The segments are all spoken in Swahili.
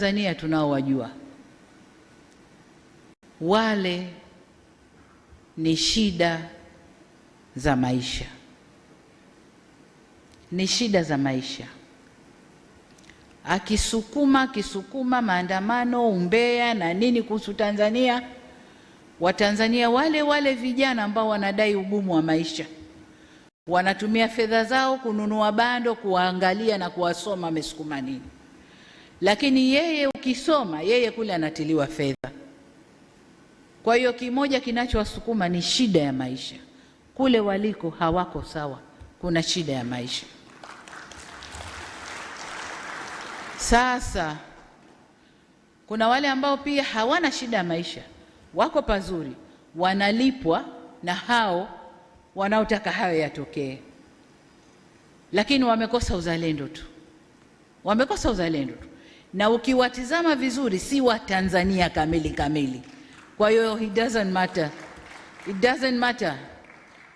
Tanzania tunaowajua wale ni shida za maisha, ni shida za maisha. Akisukuma akisukuma maandamano, umbea na nini kuhusu Tanzania, Watanzania wale wale vijana ambao wanadai ugumu wa maisha wanatumia fedha zao kununua bando, kuwaangalia na kuwasoma wamesukuma nini lakini yeye ukisoma yeye kule anatiliwa fedha. Kwa hiyo kimoja kinachowasukuma ni shida ya maisha, kule waliko hawako sawa, kuna shida ya maisha. Sasa kuna wale ambao pia hawana shida ya maisha, wako pazuri, wanalipwa na hao wanaotaka hayo yatokee, lakini wamekosa uzalendo tu, wamekosa uzalendo tu na ukiwatizama vizuri si wa Tanzania kamili kamili. Kwa hiyo it doesn't matter, it doesn't matter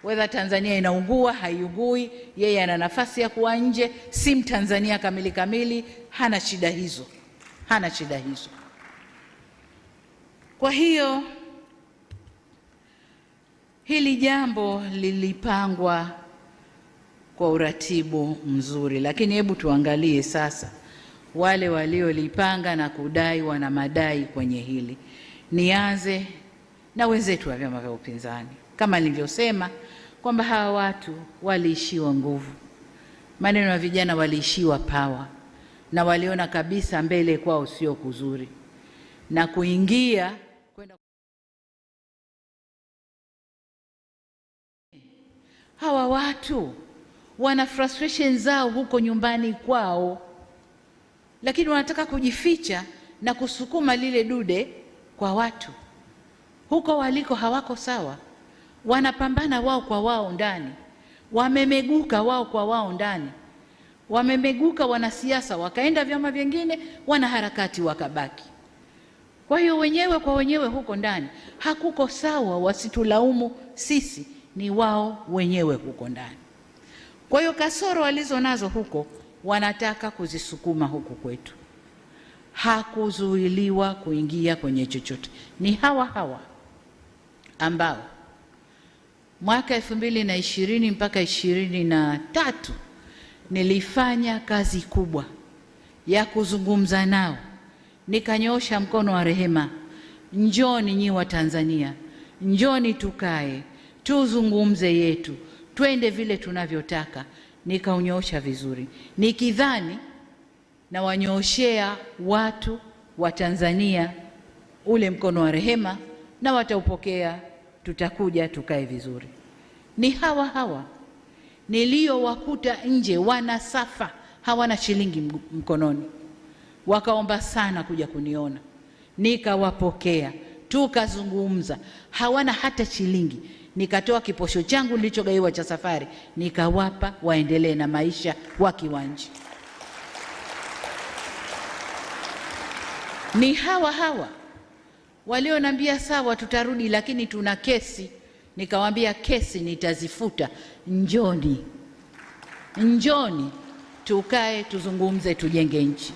whether Tanzania inaungua haiugui, yeye ana nafasi ya kuwa nje, si Mtanzania kamili kamili, hana shida hizo, hana shida hizo. Kwa hiyo hili jambo lilipangwa kwa uratibu mzuri, lakini hebu tuangalie sasa wale waliolipanga na kudai wana madai kwenye hili. Nianze na wenzetu wa vyama vya upinzani, kama nilivyosema kwamba hawa watu waliishiwa nguvu, maneno ya vijana, waliishiwa pawa na waliona kabisa mbele kwao sio kuzuri na kuingia kwenda. Hawa watu wana frustration zao huko nyumbani kwao lakini wanataka kujificha na kusukuma lile dude kwa watu huko waliko. Hawako sawa, wanapambana wao kwa wao ndani, wamemeguka wao kwa wao ndani, wamemeguka wanasiasa, wakaenda vyama vyingine, wanaharakati wakabaki. Kwa hiyo wenyewe kwa wenyewe huko ndani hakuko sawa, wasitulaumu sisi, ni wao wenyewe huko ndani. Kwa hiyo kasoro walizo nazo huko wanataka kuzisukuma huku kwetu. Hakuzuiliwa kuingia kwenye chochote. Ni hawa hawa ambao mwaka elfu mbili na ishirini mpaka ishirini na tatu nilifanya kazi kubwa ya kuzungumza nao, nikanyoosha mkono wa rehema, njoni nyi wa Tanzania, njoni tukae tuzungumze yetu, twende vile tunavyotaka nikaunyoosha vizuri, nikidhani nawanyooshea watu wa Tanzania ule mkono wa rehema na wataupokea, tutakuja tukae vizuri. Ni hawa hawa niliowakuta nje, wana safa, hawana shilingi mkononi, wakaomba sana kuja kuniona, nikawapokea tukazungumza, hawana hata shilingi. Nikatoa kiposho changu nilichogaiwa cha safari, nikawapa waendelee na maisha wakiwa nje. Ni hawa hawa walionambia sawa, tutarudi lakini tuna kesi. Nikawaambia kesi nitazifuta, njoni njoni tukae tuzungumze, tujenge nchi,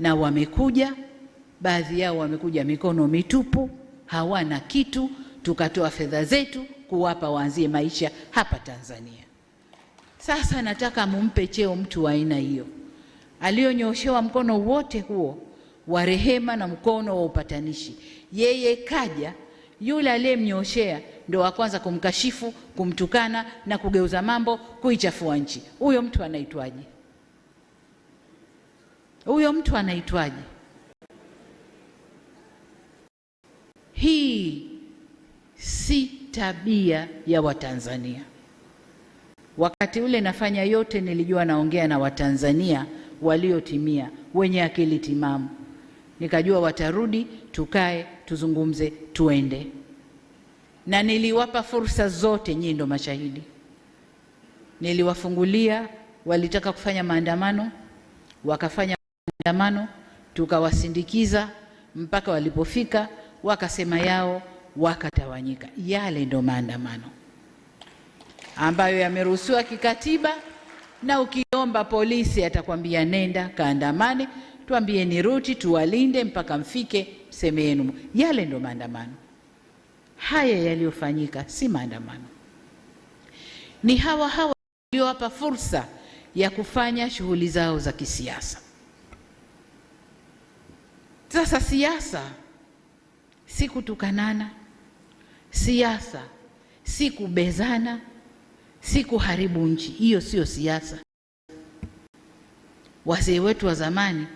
na wamekuja baadhi yao wamekuja mikono mitupu, hawana kitu, tukatoa fedha zetu kuwapa waanzie maisha hapa Tanzania. Sasa nataka mumpe cheo mtu wa aina hiyo aliyonyoshewa mkono wote huo wa rehema na mkono wa upatanishi. Yeye kaja, yule aliyemnyoshea ndo wa kwanza kumkashifu, kumtukana na kugeuza mambo, kuichafua nchi. Huyo mtu anaitwaje? Huyo mtu anaitwaje? Hii si tabia ya Watanzania. Wakati ule nafanya yote, nilijua naongea na Watanzania waliotimia, wenye akili timamu, nikajua watarudi, tukae tuzungumze, tuende na niliwapa fursa zote. Nyinyi ndo mashahidi, niliwafungulia. Walitaka kufanya maandamano, wakafanya maandamano, tukawasindikiza mpaka walipofika wakasema yao, wakatawanyika. Yale ndo maandamano ambayo yameruhusiwa kikatiba, na ukiomba polisi atakwambia nenda kaandamane, tuambie ni ruti, tuwalinde mpaka mfike mseme yenu. Yale ndo maandamano. Haya yaliyofanyika si maandamano, ni hawa hawa waliowapa fursa ya kufanya shughuli zao za kisiasa. Sasa siasa si kutukanana, siasa si kubezana, si kuharibu nchi. Hiyo sio siasa. Wazee wetu wa zamani,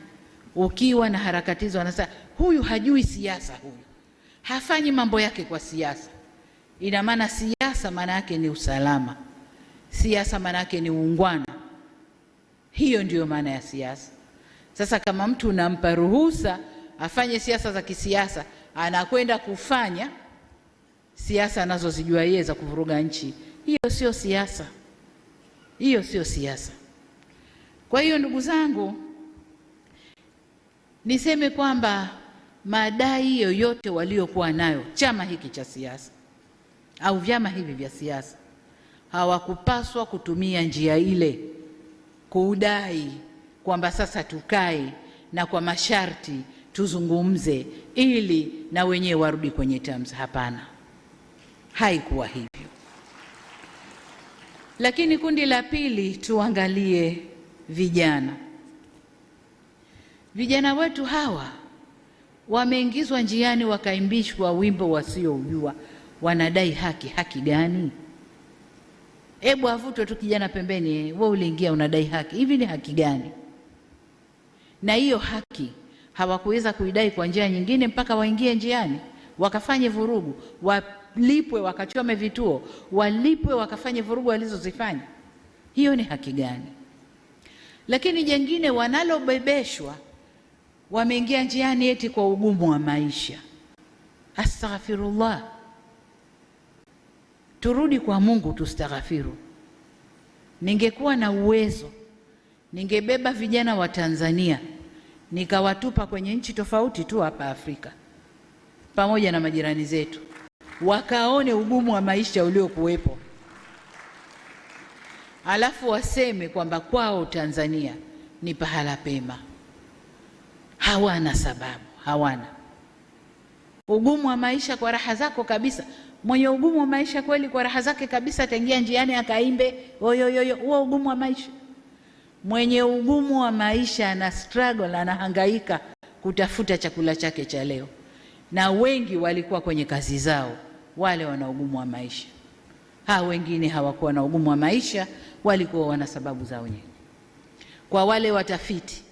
ukiwa na harakati hizo, wanasema huyu hajui siasa, huyu hafanyi mambo yake kwa siasa. Ina maana siasa maana yake ni usalama, siasa maana yake ni uungwana. Hiyo ndiyo maana ya siasa. Sasa kama mtu unampa ruhusa afanye siasa za kisiasa anakwenda kufanya siasa anazozijua yeye za kuvuruga nchi. Hiyo sio siasa, hiyo sio siasa. Kwa hiyo ndugu zangu, niseme kwamba madai yoyote waliokuwa nayo chama hiki cha siasa au vyama hivi vya siasa hawakupaswa kutumia njia ile kuudai kwamba sasa tukae na kwa masharti tuzungumze ili na wenyewe warudi kwenye terms. Hapana, haikuwa hivyo. Lakini kundi la pili, tuangalie vijana. Vijana wetu hawa wameingizwa njiani, wakaimbishwa wimbo wasioujua, wanadai haki. Haki gani? Hebu avutwe tu kijana pembeni, wewe uliingia unadai haki, hivi ni haki gani? Na hiyo haki hawakuweza kuidai kwa njia nyingine mpaka waingie njiani wakafanye vurugu, walipwe, wakachome vituo, walipwe, wakafanye vurugu walizozifanya. Hiyo ni haki gani? Lakini jengine wanalobebeshwa, wameingia njiani eti kwa ugumu wa maisha. Astaghfirullah, turudi kwa Mungu tustaghfiru. Ningekuwa na uwezo ningebeba vijana wa Tanzania nikawatupa kwenye nchi tofauti tu hapa Afrika pamoja na majirani zetu, wakaone ugumu wa maisha uliokuwepo, alafu waseme kwamba kwao Tanzania ni pahala pema. Hawana sababu, hawana ugumu wa maisha kwa raha zako kabisa. Mwenye ugumu wa maisha kweli, kwa raha zake kabisa, ataingia njiani akaimbe oyoyoyo, huo ugumu wa maisha mwenye ugumu wa maisha ana struggle, anahangaika kutafuta chakula chake cha leo, na wengi walikuwa kwenye kazi zao, wale wana ugumu wa maisha ha. Wengine hawakuwa na ugumu wa maisha, walikuwa wana sababu zao wenyewe. Kwa wale watafiti,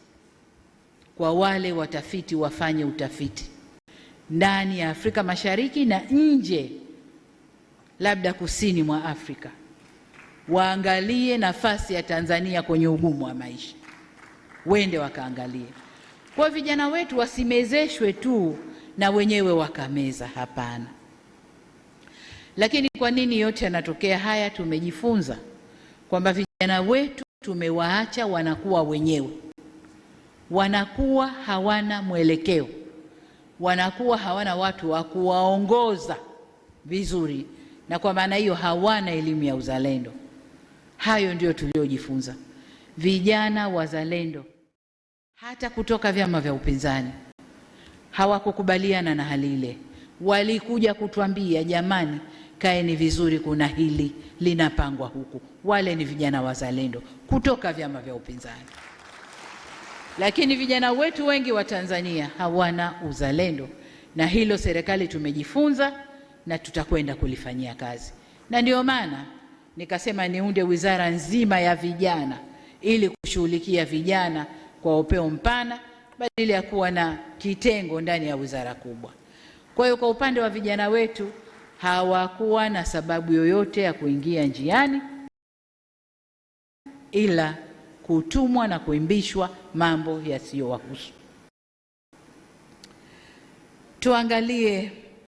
kwa wale watafiti wafanye utafiti ndani ya Afrika Mashariki na nje, labda kusini mwa Afrika waangalie nafasi ya Tanzania kwenye ugumu wa maisha, wende wakaangalie kwa vijana wetu, wasimezeshwe tu na wenyewe wakameza. Hapana. Lakini kwa nini yote yanatokea haya? Tumejifunza kwamba vijana wetu tumewaacha wanakuwa wenyewe, wanakuwa hawana mwelekeo, wanakuwa hawana watu wa kuwaongoza vizuri, na kwa maana hiyo hawana elimu ya uzalendo. Hayo ndiyo tuliyojifunza vijana wazalendo, hata kutoka vyama vya upinzani hawakukubaliana na hali ile. Walikuja kutuambia jamani, kaeni vizuri, kuna hili linapangwa huku. Wale ni vijana wazalendo kutoka vyama vya upinzani, lakini vijana wetu wengi wa Tanzania hawana uzalendo, na hilo serikali tumejifunza na tutakwenda kulifanyia kazi, na ndio maana nikasema niunde wizara nzima ya vijana ili kushughulikia vijana kwa upeo mpana badala ya kuwa na kitengo ndani ya wizara kubwa. Kwa hiyo kwa upande wa vijana wetu hawakuwa na sababu yoyote ya kuingia njiani ila kutumwa na kuimbishwa mambo yasiyowahusu. Tuangalie